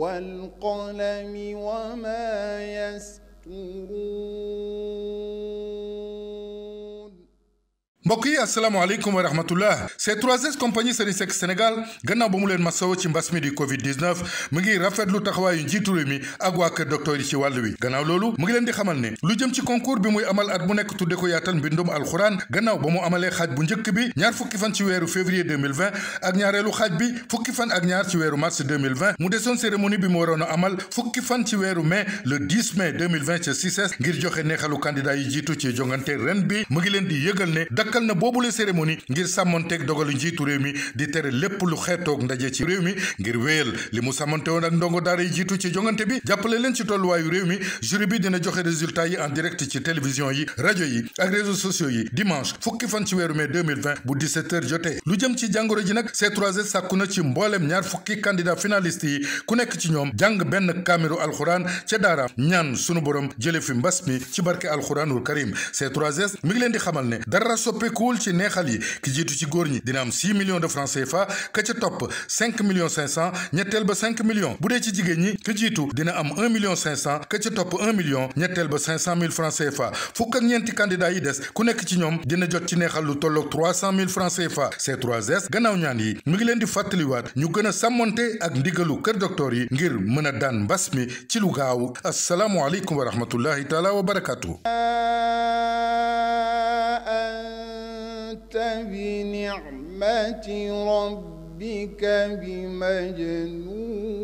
والقلم وما يسطرون bokk yi asalaamaaleykum wa rahmatullah C3S compagnie Serigne Seck Sénégal gannaaw ba mu leen masawo ci mbas mi di covid 19 mu ngi rafetlu taxawaayu njiitu réew mi ak waa kër docteur yi ci wàll wi gannaaw loolu mu ngi leen di xamal ne lu jëm ci concours bi muy amal at mu nekk tudde ko yaatal mbindum alxuraan gannaaw ba mu amalee xaaj bu njëkk bi ñaar fukki fan ci weeru février 2020 ak ñaareelu xaaj bi fukki fan ak ñaar ci weeru mars 2020 mu desoon cérémonie bi mu waroon a amal fukki fan ci weeru mai le 10 mai 2020 ca CICES ngir joxe di yëgal ne dakkal dakkal na boobule cérémonie ngir sàmmonteeg dogalu njiitu réew lu réew mi ngir wéyal li mu sàmmonte woon ak ndongo daara yi jiitu ci jongante bi jàppale leen ci tolluwaayu réew mi jury bi dina joxe résultat yi direct ci télévision yi rajo yi ak réseaux sociaux yi dimanche fukki fan ci weeru mai 2020 bu 17h jotee lu jëm ci jàngoro ji nag C3S sàkku na ci mboolem ñaar fukki candidat finaliste yi ku nekk ci ñoom jàng benn kaamiru alxuraan ca daara ñaan sunu borom jële fi mbas mi ci barke alxuraanul karim C3S mi leen di xamal ne dara soppi summikuwul ci neexal yi ki jiitu ci góor ñi dina am 6 millions de francs CFA ka ca topp 5 millions 500 ñetteel ba 5 millions bu dee ci jigéen ñi ki jiitu dina am 1 million 500 ka ca topp 1 million ñetteel ba 500 000 francs CFA fukk ak ñeenti candidats yi des ku nekk ci ñoom dina jot ci neexal lu tolloog 300 000 francs CFA C3S gannaaw ñaan yi mu ngi leen di fàttaliwaat ñu gën a sàmmonte ak ndigalu kër docteur yi ngir mën a daan mbas mi ci lu gaaw asalaamualeykum wa rahmatullahi بنعمة ربك بمجنون